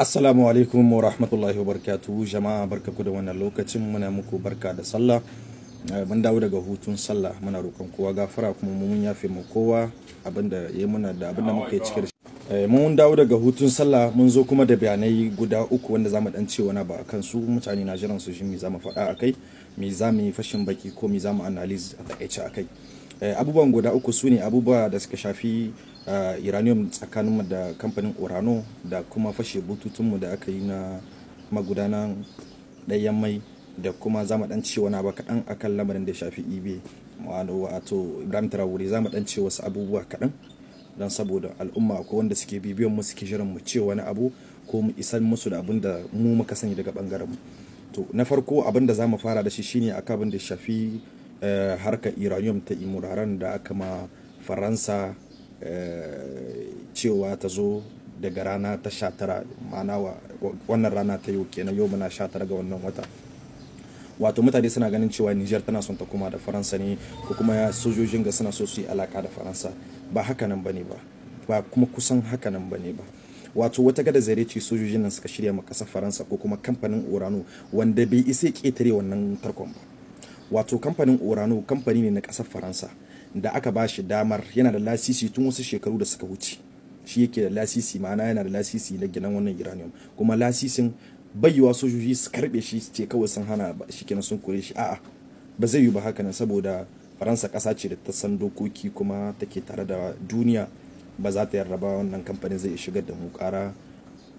assalamu alaikum wa rahmatullahi wa barkatu jama'a barkaku da wannan lokacin muna muku barka da sallah eh, mun dawo daga hutun sallah muna roƙon kowa gafara kuma mun yafe mu kowa abinda ya muna da abinda muka yi cikin eh, mun dawo daga hutun sallah mun zo kuma da bayanai guda uku wanda zamu dan ce wani ba akan su mutane na jiran su shi me zamu faɗa akai me zamu yi fashin baki ko me zamu analyze a takaice akai Eh, abubuwan guda uku su ne abubuwa da suka shafi eh, uranium tsakaninmu da kamfanin urano da kuma fashe bututunmu da aka yi na magudanan ɗayan mai da kuma za mu dan ce wani ba kaɗan a kan lamarin da shafi ibe wato ibrahim tarawuri mu dan ce wasu abubuwa kaɗan don saboda al'umma ko wanda suke bibiyan mu suke shirin mu ce wani abu ko mu isan musu da abin da mu muka sani daga ɓangaren mu to na farko abin da za mu fara da shi shine akan abin da shafi Eh, harkar iranium ta imuraren da aka ma faransa eh, cewa ta zo daga rana ta sha tara wannan rana ta yau kenan yau muna sha tara ga wannan wata wato mutane suna ganin cewa niger tana son ta koma da faransa ne ko kuma sojojin ga suna so su yi alaka da faransa ba haka nan ne ba ba kuma kusan haka nan ba ne ba wato wata gada zare ce sojojin nan suka shirya ma kasar faransa ko kuma kamfanin urano wanda bai isa ketare wannan tarkon ba wato kamfanin orano kamfani ne na ƙasar faransa da aka ba shi damar yana da lasisi tun wasu shekaru da suka wuce shi yake da lasisi ma'ana yana da lasisi na gidan wannan uranium kuma lasisin bayyawa sojoji su karbe shi ce kawai sun hana shi kenan sun kore shi a'a ba zai yi ba haka nan saboda faransa kasa ce da ta san dokoki kuma take tare da duniya ba za ta yarda ba wannan kamfanin zai shigar da mu ƙara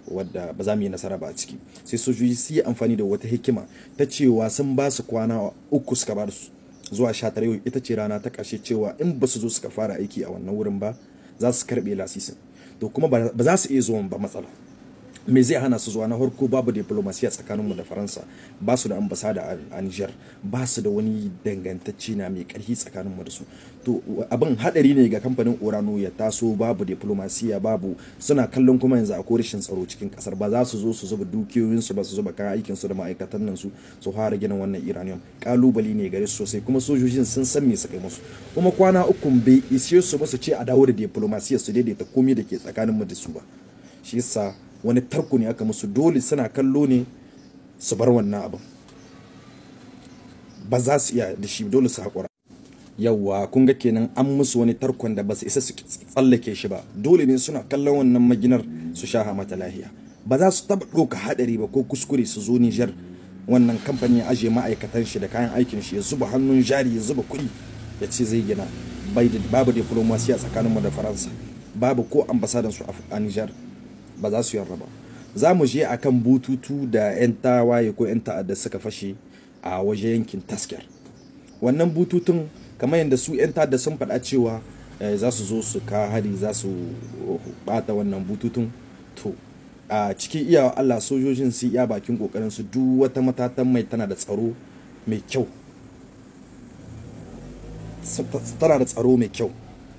wadda ba za mu yi nasara ba a ciki sai sojoji su yi amfani da wata hikima ta cewa sun ba su kwana uku suka ba su zuwa sha tare ita ce rana ta ƙarshe cewa in ba su zo suka fara aiki a wannan wurin ba za su karɓe lasisin to kuma ba za su iya zuwan ba matsala me zai hana su zuwa na harko babu diplomasiya tsakaninmu da faransa ba su da ambasada a niger ba su da wani dangantacci na mai karfi tsakaninmu da su to abin hadari ne ga kamfanin orano ya taso babu diplomasiya babu suna kallon kuma yanzu a rashin tsaro cikin kasar ba za su zo su zuba dukiyoyin su ba su zuba kayan aikin su da ma'aikatan nan su su fara ginin wannan iranium kalubale ne gare su sosai kuma sojojin sun san me kai musu kuma kwana uku bai ishe su ba su ce a dawo da diplomasiya su daidaita komai da ke tsakaninmu da su ba shi yasa wani tarko ne aka musu dole suna kallo ne su bar wannan abin ba za su iya da shi dole su haƙura yawwa kun ga kenan an musu wani tarkon da ba su isa su tsallake shi ba dole ne suna kallon wannan maginar su sha mata lahiya ba za su taɓa ɗauka haɗari ba ko kuskure su zo Nijar wannan kamfani ya ajiye ma'aikatan shi da kayan aikin shi ya zuba hannun jari ya zuba kuɗi ya ce zai gina babu diplomasiya tsakaninmu da faransa babu ko ambasadansu a Nijar ba za su yarda ba za mu je a kan bututu da 'yan tawaye ko 'yan ta'adda suka fashe a waje yankin tasker wannan bututun kamar yadda su 'yan ta'adda sun faɗa cewa eh, za su zo su ka hari za su bata oh, wannan bututun to a cikin iyawa allah sojojin su iya bakin kokarin su duk wata matatan mai tana da tsaro mai kyau tana da tsaro mai kyau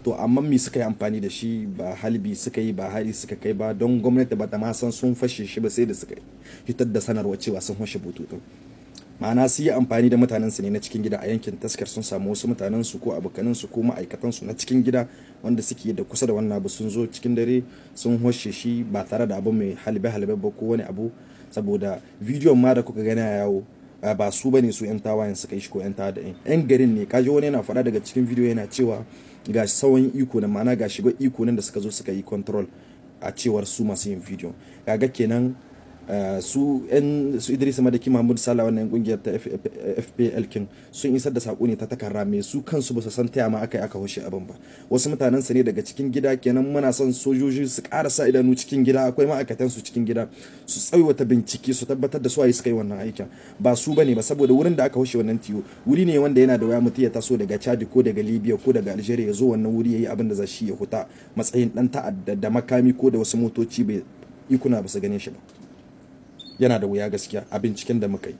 to amma me suka yi amfani da shi ba halbi suka yi ba hari suka kai ba don gwamnati ba ta ma san sun fashe shi ba sai da suka fitar da sanarwa cewa sun fashe bututun ma'ana su yi amfani da mutanen su ne na cikin gida a yankin taskar sun samu wasu mutanen su ko abokanan su ko ma'aikatan su na cikin gida wanda suke da kusa da wannan abu sun zo cikin dare sun hoshe shi ba tare da abu mai halbe halbe ba ko wani abu saboda bidiyon ma da kuka gani yawo ba su bane su yan tawayen suka yi shi ko yan tawa da yan garin ne kaji wani yana faɗa daga cikin bidiyo yana cewa ga sauran iko na ma'ana ga shiga iko nan da suka zo suka yi control a cewar su masu yin video ga kenan Eh, su yan su Idris Madaki Mahmud Sala wannan kungiyar ta FPL kin sun isar da sako ne ta takarra mai su kansu basu san taya ma aka yi aka hoshe abin ba wasu mutanen sa ne daga cikin gida kenan muna son sojoji su karasa idanu cikin gida akwai ma'aikatan su cikin gida su wata bincike su tabbatar da su ayi suka yi wannan aikin ba su bane ba saboda wurin da aka hoshe wannan tiyo wuri ne wanda yana da waya mutum ya taso daga Chad ko daga Libya ko daga Algeria ya zo wannan wuri yayi abin da za shi ya huta matsayin dan ta'adda da makami ko da wasu motoci bai ikuna ba su gane shi ba yana da wuya gaskiya a binciken da muka yi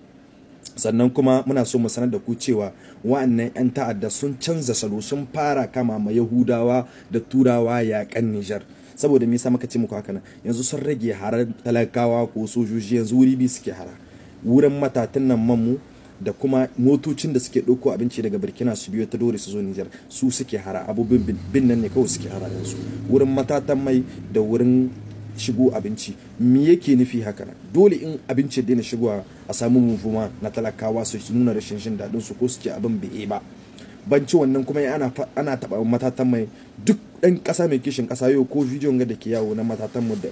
sannan kuma muna so mu sanar da ku cewa wa'annan 'yan ta'adda sun canza salo sun fara kama ma yahudawa da turawa yakan nijar saboda me yasa muka ce muku haka nan yanzu sun rage harar talakawa ko sojoji yanzu wuri biyu suke hara wurin matatan nan mamu da kuma motocin da suke ɗauko abinci daga burkina su biyo ta dore su zo nijar su suke hara abubuwan bin nan ne kawai suke hara yanzu wurin matatan mai da wurin shigo abinci me yake nufi haka dole in abinci da na shigo a samu mumfuma na talakawa su nuna rashin jin daɗin su ko su ci abin bai ba ban ci wannan kuma ana ana taba matatan mai duk ɗan ƙasa mai kishin kasa yau ko bidiyon ga da ke yawo na matatan mu da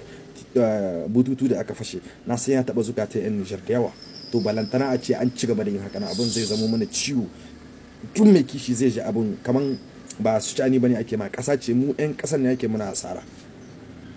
eh, bututu da aka fashe na san ya taɓa ta yan Nijar da yawa to balantana a ce an ci gaba da yin haka abin zai zama mana ciwo tun mai kishi zai ji abin kaman ba su ci ani bane ake ma ƙasa ce mu 'yan kasan ne ake muna asara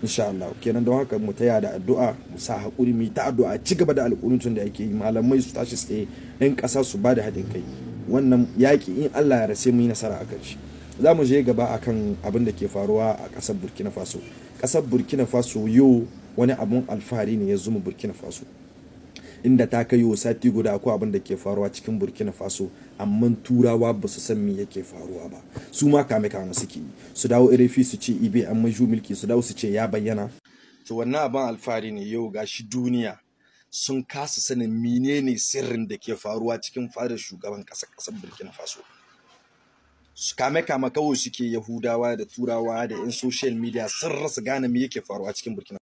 insha Allah kenan don haka mu taya da addu'a mu sa hakuri mu ta addu'a ci gaba da alƙunutun da yake yi malamai su tashi tsaye ɗan ƙasa su ba da haɗin kai wannan yaƙi in Allah ya rase mu yi nasara akan shi za mu je gaba a kan abin da ke faruwa a ƙasar Burkina Faso ƙasar Burkina Faso yau wani abun alfahari ne ya zuma Burkina Faso inda ta kai wa sati guda ko abin da ke faruwa cikin burkina faso amma turawa ba su san me yake faruwa ba su ma kame kame suke yi su dawo irefi su ce ibe an mai mulki su dawo su ce ya bayyana to wannan abin alfahari ne yau gashi duniya sun kasa sanin menene sirrin da ke faruwa cikin fadar shugaban kasa kasar burkina faso su kame kama kawai suke yahudawa da turawa da yan social media sun rasa gane me yake faruwa cikin burkina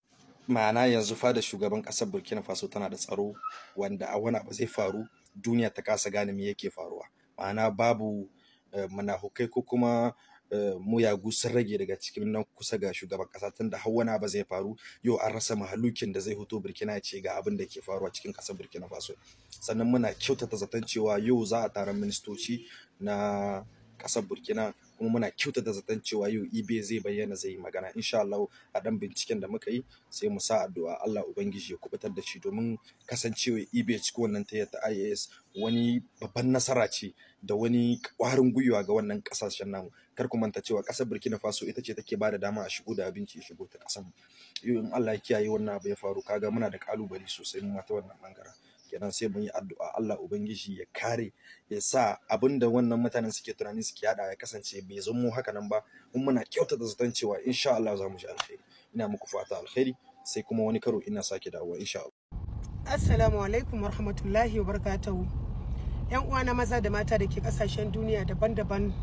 ma'ana yanzu fa da shugaban ƙasar burkina faso tana da tsaro wanda a wani abu zai faru duniya ta kasa gane me yake faruwa ma'ana babu eh, manahukai ko kuma eh, muyagu sun rage daga cikin nan kusa ga shugaban kasa tun da har wani abu zai faru yau an rasa mahalukin da zai hoto burkina ce ga abin da ke faruwa cikin ƙasar burkina faso sannan muna kyautata zaton cewa yau za a taron ministoci na kasar burkina kuma muna kyauta da zaton cewa yau eBay zai bayyana zai yi magana insha Allah a dan binciken da muka yi sai mu sa addu'a Allah ubangiji ya kubutar da shi domin kasancewa eBay cikin wannan ta ta IAS wani babban nasara ce da wani kwarin gwiwa ga wannan kasashen namu kar ku manta cewa kasar Burkina Faso ita ce take bada dama a shigo da abinci ya shigo ta kasan yau in Allah ya kiyaye wannan abu ya faru kaga muna da kalubale sosai mu ta wannan bangaren kenan sai mun yi addu'a Allah ubangiji ya kare ya sa abin da wannan mutanen suke tunani suke yada ya kasance bai zo mu haka nan ba mun muna kyautata zaton cewa insha Allah za mu ji alheri ina muku fata alheri sai kuma wani karo ina sake dawowa insha Allah Assalamu alaikum warahmatullahi wabarakatuhu yan uwa na maza da mata da ke kasashen duniya daban-daban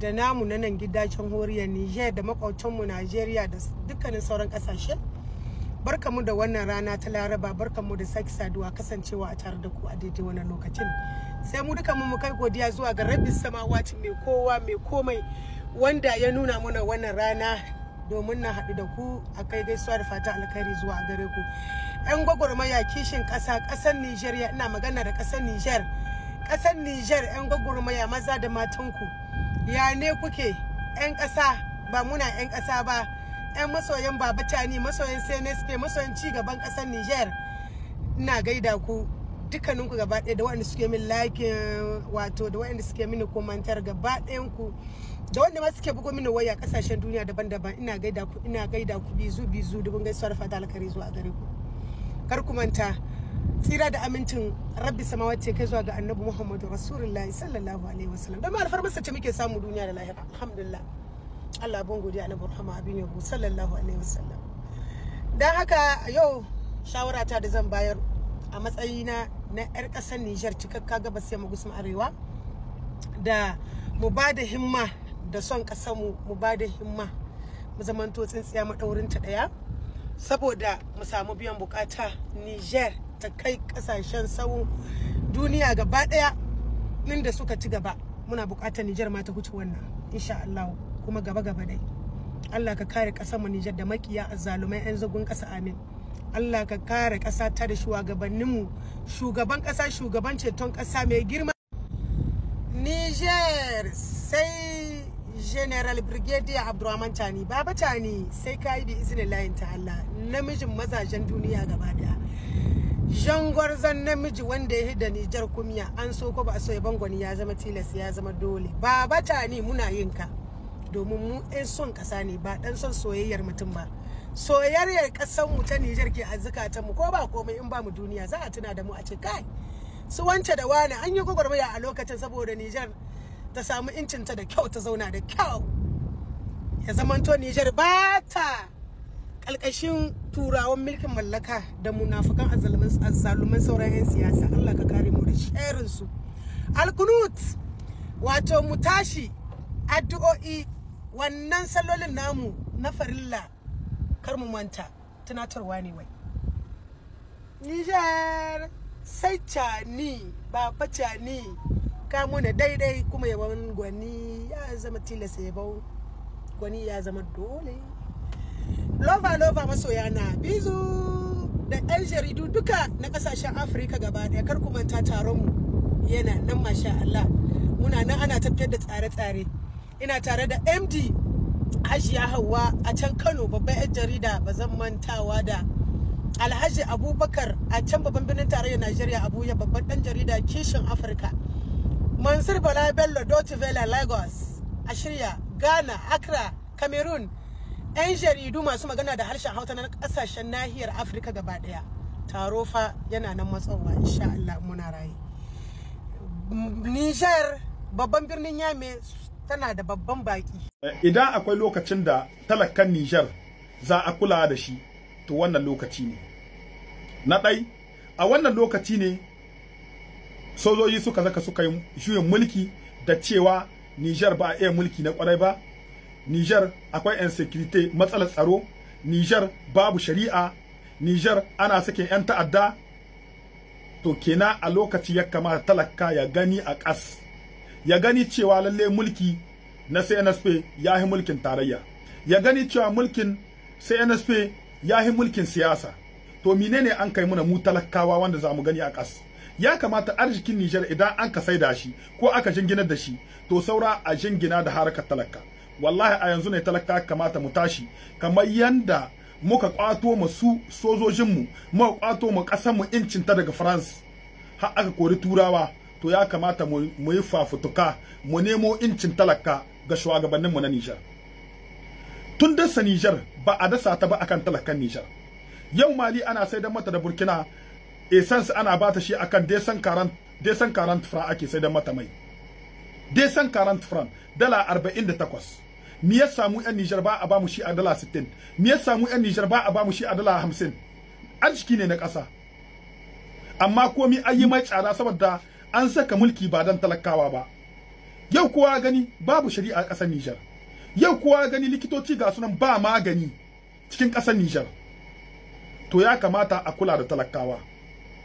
da namu na nan gidajen horiya Niger da mu Najeriya da dukkanin sauran kasashen barkamu da wannan rana ta laraba barkamu da sake saduwa kasancewa a tare da ku a daidai wannan lokacin sai mu duka mu kai godiya zuwa ga rabbin samawati mai kowa mai komai wanda ya nuna mana wannan rana domin na haɗu da ku a kai gaisuwa da fata alkhairi zuwa a gare ku yan gwagwarmaya kishin ƙasa ƙasar nigeria ina magana da ƙasar niger ƙasar niger yan gwagwarmaya maza da matanku ya ne kuke yan ƙasa ba muna yan ƙasa ba 'yan masoyan Baba Tani, masoyan CNSP, masoyan ci gaban ƙasar Niger. Ina gaida ku dukkaninku gaba ɗaya da waɗanda suke min like wato da waɗanda suke mini komantar gaba ɗayan ku da wanda ma suke bugo mini waya ƙasashen duniya daban-daban ina gaida ku ina gaida ku bizu bizu dubin gaisuwar fata alkhairi zuwa gare ku kar ku manta tsira da amincin rabbi samawati kai zuwa ga annabi muhammadu rasulullahi sallallahu alaihi wasallam don alfarmarsa ce muke samu duniya da lahira alhamdulillah Allah ban godiya na Muhammad abin yabo sallallahu alaihi wasallam dan haka yau shawara ta da zan bayar a matsayina na yar kasar Niger cikakka gabas yamma gusma arewa da mu ba da himma da son kasar mu mu ba da himma mu zamanto tsintsiya maɗaurin ta ɗaya saboda mu samu biyan bukata Nijar ta kai ƙasashen sau duniya gaba daya inda suka ci gaba muna bukatar Nijar ma ta huce wannan insha Allah kuma gaba gaba dai Allah ka kare ƙasar mu Nijar da makiya azzalumai yan zagon ƙasa amin Allah ka kare ƙasa ta da shugabanninmu shugaban ƙasa shugaban ceton ƙasa mai girma Niger sai General Brigadier Abdurrahman Tani Baba Tani sai ka yi bi izinin layin ta Allah namijin mazajen duniya gaba daya jangwarzon namiji wanda ya hidda Nijar kumiya an so ko ba so ya bangwani ya zama tilas ya zama dole Baba Tani muna yin ka domin mu 'yan son kasa ne ba ɗan son soyayyar mutum ba soyayyar mu ta Nijar ke a mu ko ba komai in ba mu duniya za a tuna da mu a ce kai su wance da wani an yi gwagwarmaya a lokacin saboda Nijar ta samu incinta da kyau ta zauna da kyau ya zamanto Nijar ba ta ƙalƙashin turawan mulkin mallaka da munafukan azzaluman sauran 'yan siyasa Allah ka kare mu da sharinsu alkunut wato mu tashi addu'o'i wannan salolin namu na farilla kar mu manta tunatarwa ne wai Nijar sai cani ba cani kamo na daidai kuma yabon gwani ya zama tilasta yabon gwani ya zama dole lova lova masoya na bizu da yan jaridu duka na kasashen afirka gaba daya kar ku manta taron mu yana nan masha Allah muna nan ana tafiyar da tsare-tsare ina tare da md hajiya hawa a can kano babban yan jarida ba zan mantawa da alhaji abubakar a can babban birnin tarayyar najeriya abuja babban dan jarida kishin afirka mansur bala bello doti vela lagos a shirya ghana accra cameroon yan jaridu masu magana da harshen hauta na kasashen nahiyar afirka gaba daya taro fa yana nan matsowa insha Allah muna raye Niger babban birnin Yame tana da babban baki idan akwai lokacin da talakan Nijar za a kula da shi to wannan lokaci ne na ɗai a wannan lokaci ne sojoji suka zaka suka yi juyin mulki da cewa Nijar ba a iya mulki na kwarai ba Nijar akwai insecurity matsalar tsaro Nijar babu shari'a Nijar ana sakin 'yan ta'adda to kena a lokaci ya kamata talaka ya gani a ƙasa. ya gani cewa lalle mulki na CNSP ya yi mulkin tarayya ya gani cewa mulkin CNSP ya yi mulkin siyasa to menene an kai muna mu talakawa wanda za mu gani a ƙas ya kamata arzikin Nijar idan an ka saida shi ko aka jingina da shi to saura a jingina da harkar talaka wallahi a yanzu ne talaka kamata mu tashi kamar yanda muka kwato mu su sojojinmu muka kwato mu ƙasar mu incin ta daga France har aka kori turawa to ya kamata mu yi fafutuka mu nemo incin talaka ga mu na Nijar. Tun dasa Nijar ba a dasa ta ba akan talakan Nijar. Yau Mali ana sai mata da Burkina essence ana ba ta shi akan desan karan desan karan fra ake sai mata mai. Desan karan fran dala 48. Me ya samu yan Nijar ba a ba mu shi a dala 60. Me ya samu yan Nijar ba a ba mu shi a dala hamsin. Arziki ne na ƙasa. Amma komi an yi mai tsada saboda an saka mulki ba dan talakawa ba yau kuwa gani babu shari'a a ƙasar Nijar yau kuwa gani likitoci ga sunan ba magani cikin ƙasar Nijar to ya kamata a kula da talakawa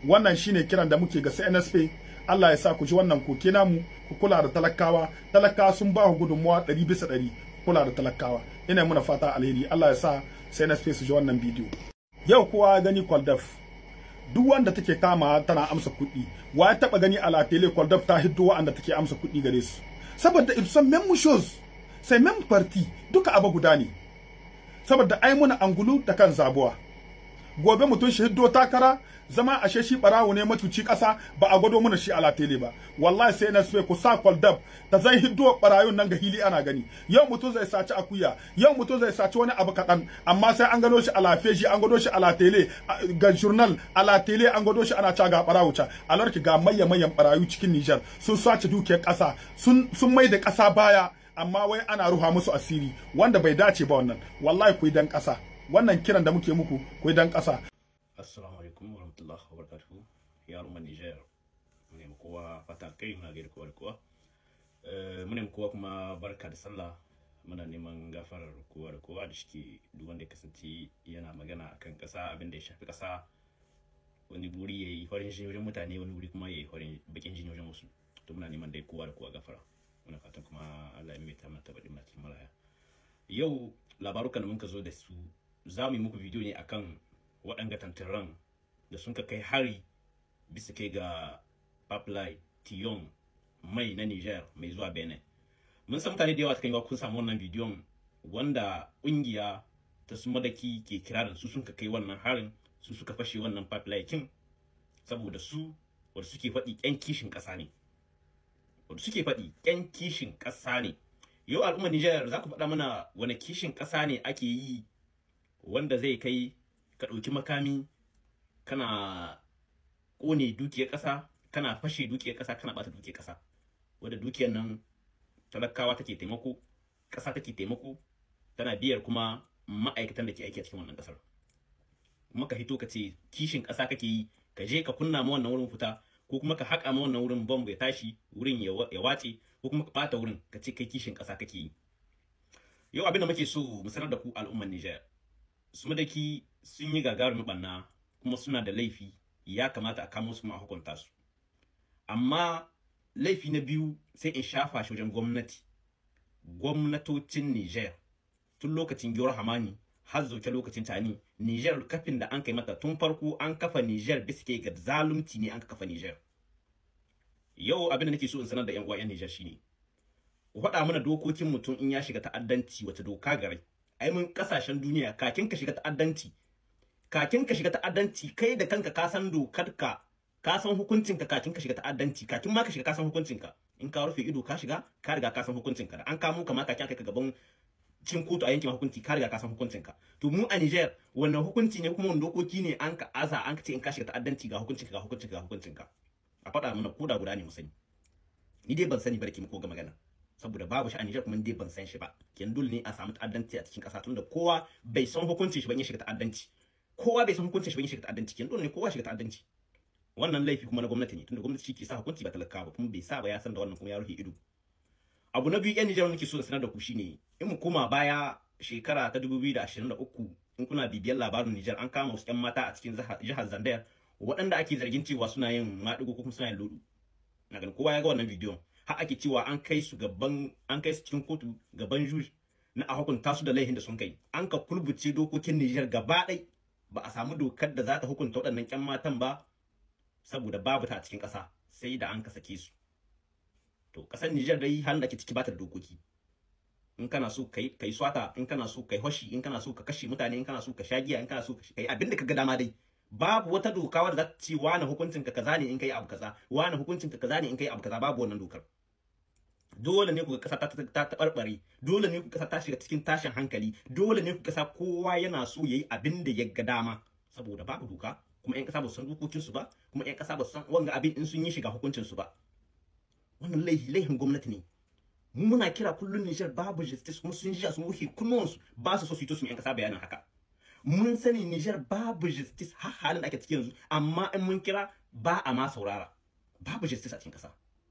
wannan shine kiran da muke ga CNSP Allah ya sa ku ji wannan koke namu ku kula da talakawa talakawa sun ba ku gudunmuwa ɗari bisa ɗari kula da talakawa ina muna fata alheri Allah ya sa CNSP su ji wannan bidiyo yau kuwa gani kwaldaf duk wanda take kama tana amsa kuɗi wa ya taɓa gani a latele kwaldab ta hiddo wa'anda take amsa kuɗi gare su saboda ibsan memu shows sai mem party duka abu guda ne saboda ai muna angulu da kan zabuwa gobe mutum shi hiddo takara zama ashe shi barawo ne matuci kasa ba a gado mana shi a latele ba wallahi sai na sai ku sa kwaldab ta zai hiddo barayun nan ga hili ana gani yau mutum zai saci akuya yau mutum zai saci wani abu kaɗan amma sai an gano shi a lafe shi an gado shi a latele ga journal a latele an gado shi ana ca ga barawo ca alarki ga mayya mayan barayu cikin Nijar sun sace dukiyar kasa sun sun mai da kasa baya amma wai ana ruha musu asiri wanda bai dace ba wannan wallahi ku yi dan kasa wannan kiran da muke muku ku dan ƙasa assalamu alaikum warahmatullahi wabarakatuh ya al'umma Niger ne mu kowa fata kai muna gaida kowa da kowa eh, mu ne kowa kuma barka da sallah muna neman gafarar kowa da kowa da shike duk wanda ya kasance yana magana akan ƙasa abin da ya shafi ƙasa wani guri yayi yi farin jini wajen mutane wani guri kuma yayi yi farin bakin jini wajen wasu to muna neman dai kowa da kowa gafara muna fatan kuma Allah ya mai ta mata tabbatin mata cikin malaya yau labarukan da ka zo da su za mu yi muku bidiyo ne akan waɗanga tantaran da sun ka kai hari bisa kai ga Papalai Tiyon mai na Niger mai zuwa Benin. Mun san mutane da yawa suka yi kun samu wannan bidiyon wanda ƙungiya ta su madaki ke kirarin su sun ka kai wannan harin su suka fashe wannan Papalai kin saboda su wanda suke faɗi ƴan kishin ƙasa ne. Wanda suke faɗi kishin ƙasa ne. Yau al'ummar Niger za ku faɗa mana wani kishin ƙasa ne ake yi wanda zai kai ka ɗauki makami kana ƙone dukiyar ƙasa kana fashe dukiyar ƙasa kana ɓata dukiyar ƙasa wadda dukiyar nan talakawa take taimako ƙasa take taimako tana biyar kuma ma'aikatan da ke aiki a cikin wannan ƙasar Kuma ka hito ka ce kishin ƙasa kake yi ka je ka kunna ma wannan wurin fita ko kuma ka haƙa ma wannan wurin bomb ya tashi wurin ya wace ko kuma ka ɓata wurin ka ce kai kishin ƙasa kake yi yau abin muke so mu sanar da ku al'ummar Nijar su madaki sun yi gagarumin banna kuma suna da laifi ya kamata a kamo su ma hukunta su amma laifi na biyu sai in shafa shi wajen gwamnati gwamnatocin Niger tun lokacin Giyar Hamani har zauke lokacin tani Niger kafin da an kai mata tun farko an kafa Niger bisa ke ga zalunci ne an kafa Niger yau abin da nake so in sanar da yan uwa yan Niger shine ku faɗa mana dokokin mutum in ya shiga ta'addanci wata doka gare ai mun kasashen duniya kakin ka shiga ta'addanci kakin ka shiga ta'addanci kai da kanka ka san dokar ka ka san hukuncin ka kakin ka shiga ta'addanci kakin ma ka shiga ka san hukuncin ka in ka rufe ido ka shiga ka riga ka san hukuncin ka an kamo ka ma kakin ka gaban cin kotu a yankin hukunci ka riga ka san hukuncin ka to mu a Niger wannan hukunci ne kuma wannan dokoki ne an ka aza an ka ce in ka shiga ta'addanci ga hukuncin ka ga hukuncin ka ga hukuncin ka a faɗa mana koda guda ne mu sani ni dai ban sani barki mu ko ga magana saboda babu shi a Niger kuma dai ban san shi ba kin dole ne a samu ta'addanci a cikin ƙasa tunda kowa bai san hukuncin shi ban ya shiga ta'addanci kowa bai san hukuncin shi ban ya shiga ta'addanci kin dole ne kowa shiga ta'addanci wannan laifi kuma na gwamnati ne tunda gwamnati shi ke sa hukunci ba talaka ba kuma bai sa ba ya san da wannan kuma ya rufe ido abu na biyu yan Niger nake so da sanar da ku shine in mu koma baya shekara ta 2023 in kuna bibiyar labarin Niger an kama wasu 'yan mata a cikin jihar Zandayar waɗanda ake zargin cewa suna yin maɗigo ko kuma suna yin lodu na ganin kowa ya ga wannan bidiyon har ake cewa an kai su gaban an kai su cikin kotu gaban juji na a hukunta su da laihin da sun kai an ka kulbuce dokokin Nijar gaba ɗai ba a samu dokar da za ta hukunta waɗannan ƴan matan ba saboda babu ta a cikin ƙasa sai da an ka sake su to ƙasar Nijar dai har da ke ciki ba ta dokoki in kana so kai kai swata in kana so kai hoshi in kana so ka kashe mutane in kana so ka shagiya in kana so ka kai abin da ka ga dama dai babu wata doka wadda za ta ce wani hukuncin ka kaza ne in kai abu kaza wani hukuncin ka kaza ne in kai abu kaza babu wannan dokar dole ne ku ga kasa ta tabarbare dole ne ku kasa ta shiga cikin tashin hankali dole ne ku kasa kowa yana so yayi abin da ya ga dama saboda babu doka kuma ƴan kasa ba san dokokin su ba kuma ƴan kasa ba san wanga abin in sun yi shiga hukuncin su ba wannan laihi laihin gwamnati ne muna kira kullun Niger babu justice kuma sun jiya sun wuce kunnuwan su ba su so su yi to su ƴan kasa bayanin haka mun sani Niger babu justice har halin da ake cikin yanzu amma in mun kira ba a ma saurara babu justice a cikin kasa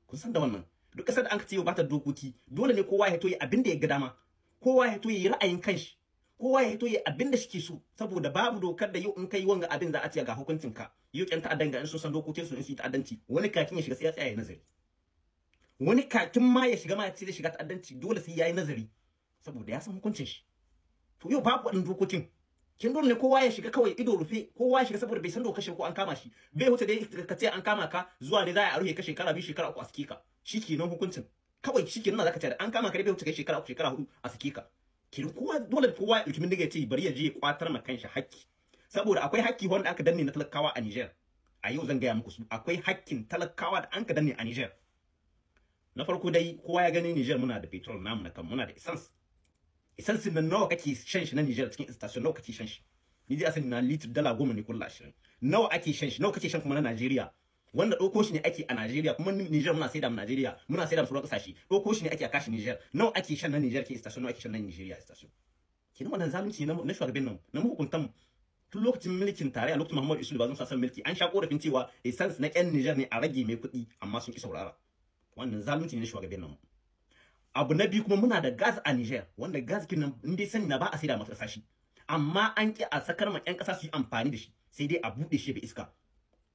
kun san da wannan duk kasar da an ce ba ta dokoki dole ne kowa ya hito yi abin da ya ga dama kowa ya hito yi ra'ayin kanshi kowa ya hito yi abin da shike so saboda babu dokar da yau in kai wanga abin za a ce ga hukuncin ka yau kyan ta'addan ga in sun san dokokin su in su yi ta'addanci wani kakin ya shiga sai ya tsaya ya nazari wani kakin ma ya shiga ma ya ce zai shiga ta'addanci dole sai ya yi nazari saboda ya san hukuncin shi to yau babu waɗannan dokokin kin dole ne kowa ya shiga kawai ido rufe kowa ya shiga saboda bai san kashe ko an kama shi bai huta dai ka ce an kama ka zuwa ne za a rufe ka shekara biyu shekara uku a sake ka shikenan hukuncin kawai shikenan zaka ce an kama ka dai bai huta kai shekara uku shekara hudu a sake ka kin kowa dole kowa ya mutumin da ya ce bari ya je ya kwatar ma kansa haƙƙi. saboda akwai haƙƙi wanda aka danne na talakawa a Niger a yau zan gaya muku su akwai haƙƙin talakawa da an ka danne a Niger na farko dai kowa ya gani Niger muna da petrol namu na kan muna da essence isansi nan nawa kake shan shi na Niger cikin station nawa kake shan shi ni dai asan na litre dala goma ne kullu ashirin nawa ake shan shi nawa kake shan kuma na Nigeria wanda ɗauko shi ne ake a Nigeria kuma Niger muna saida mu Nigeria muna saida mu sauran ƙasashe ɗauko shi ne ake a kashi Niger nawa ake shan na Niger ke station nawa ake shan na Nigeria station kenan wannan zalunci na shugaban nan na mahukuntan mu tun lokacin mulkin tarayya lokacin Muhammadu Isu bazum sasan mulki an sha korafin cewa essence na ƴan Niger ne a rage mai kuɗi amma sun ki saurara wannan zalunci ne shugaban nan abu na biyu kuma muna da gas a Niger wanda gas kin in dai sani na ba a saida masu ƙasa amma an ki a sakar ma ƴan ƙasa su yi amfani da shi sai dai a buɗe shi da iska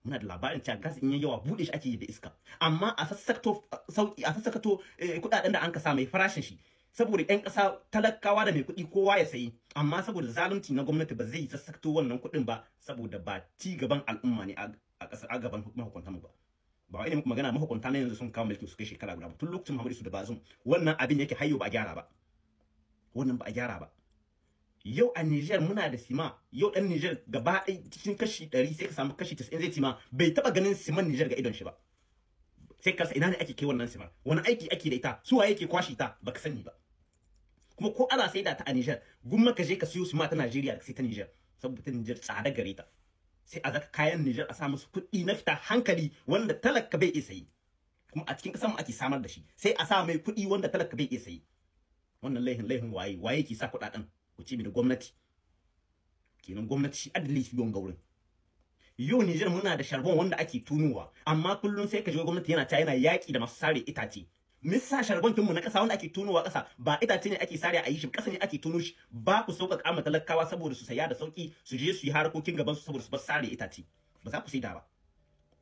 muna da labarin cewa gas in yayi yawa buɗe shi ake yi da iska amma a sassakato sauki a sassakato eh, kuɗaɗen da an ka sa mai farashin shi saboda ƴan kasa talakawa da mai kuɗi kowa ya sayi amma saboda zalunci na gwamnati ba zai sassakato wannan kuɗin ba saboda ba ci gaban al'umma ne a a gaban mu ba ba wai ne muku magana mahukunta na yanzu sun kawo mulki su kai shekara guda ba tun lokacin Muhammadu su da bazum wannan abin yake hayo ba a gyara ba wannan ba a gyara ba yau a Niger muna da sima yau dan Niger gaba ɗaya cikin kashi 100 sai ka samu kashi 90 zai tima bai taba ganin siman Niger ga idon shi ba sai ka ina ne ake kai wannan siman wani aiki ake da ita su waye yake kwashi ta baka sani ba kuma ko ana da ta a Niger gumma ka je ka siyo sima ta Nigeria ka sai ta Niger saboda ta Niger tsada gare ta sai a zaka kayan Niger a sa musu kuɗi na fita hankali wanda talaka bai isa sayi kuma a cikin kasan mu ake samar da shi sai a sa mai kuɗi wanda talaka bai isa sayi wannan laihin laihin waye waye ke sa kuɗaɗen ku ce da gwamnati kenan gwamnati shi adali shi gon gaurin yau Niger muna da sharbon wanda ake tunuwa amma kullun sai ka ji gwamnati yana ta yana yaki da masu sare itace Mista Sharbon mu na ƙasa wanda ake tunowa ƙasa ba itace ne ake sare a yi shi kasa ne ake tuno shi ba ku sauƙaƙa ma talakawa saboda su saya da sauki su je su yi harkokin gaban su saboda su bar sare itace ba za ku saida ba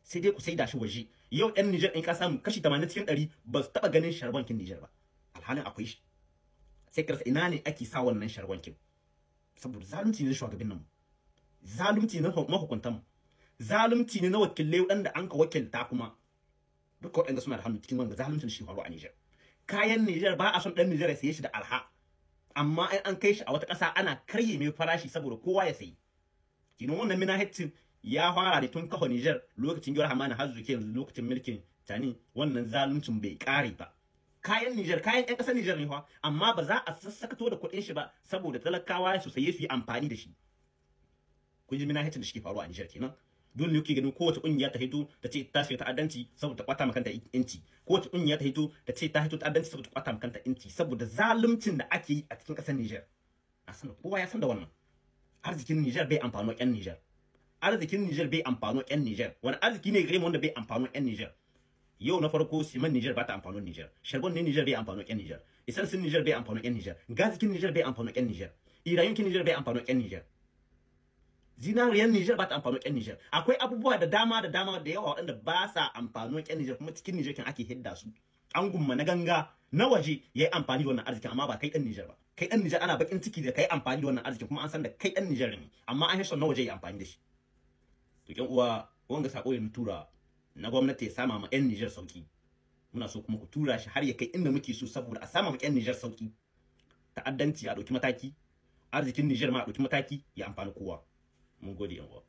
sai dai ku da shi waje yau ɗan Niger in ka samu kashi 80 cikin 100 ba su taɓa ganin kin Niger ba alhalin akwai shi sai ka ina ne ake sa wannan kin saboda zalunci ne shugaban nan zalunci ne mahukuntan mu zalunci ne na wakilai waɗanda an ka wakilta kuma duka waɗanda suna da hannu cikin wanda zaluncin shi faru a Nijar kayan Nijar ba a son ɗan Nijar ya saye shi da alha amma in an kai shi a wata ƙasa ana karye mai farashi saboda kowa ya sayi kinan wannan minahettin ya fara da tun kafa Nijar lokacin Jawar Hamani har zuke yanzu lokacin mulkin Tani wannan zaluncin bai kare ba kayan Nijar kayan ƴan ƙasar Nijar ne fa amma ba za a sassakato da kuɗin shi ba saboda talakawa su saye su yi amfani da shi kun ji minahettin da shi faru a Nijar kenan dole ne kuke ganin kowace kungiya ta hito ta ce ta shiga ta'addanci saboda ta kwata ma kanta inci kowace kungiya ta hito ta ce ta hito ta'addanci saboda ta kwata ma kanta inci saboda zaluncin da ake yi a cikin kasar Niger a sanin kowa ya san da wannan arzikin Niger bai amfano ƴan Niger arzikin Niger bai amfano ƴan Niger wani arziki ne gare mu wanda bai amfano ƴan Niger yau na farko siman Niger ba ta amfano Niger shagon ne Niger bai amfano ƴan Niger isansin Niger bai amfano ƴan Niger gazikin Niger bai amfano ƴan Niger irayunkin Niger bai amfano ƴan Niger zinariyar Niger ba ta amfano ƙyan Niger akwai abubuwa da dama da dama da yawa waɗanda ba sa amfano ƙyan Niger kuma cikin Niger kan ake hidda su an gumma na ganga na waje ya yi amfani da wannan arzikin amma ba kai ɗan Niger ba kai ɗan Niger ana bakin ciki da kai amfani da wannan arzikin kuma an san da kai ɗan Niger ne amma an hisson na waje ya amfani da shi to ƴan uwa wanga sako ya tura na gwamnati ya sama ma ƴan Niger sauki muna so kuma ku tura shi har ya kai inda muke so saboda a sama ma ƴan Niger sauki ta'addanci a ɗauki mataki arzikin Niger ma a ɗauki mataki ya amfani kowa 蒙古电话。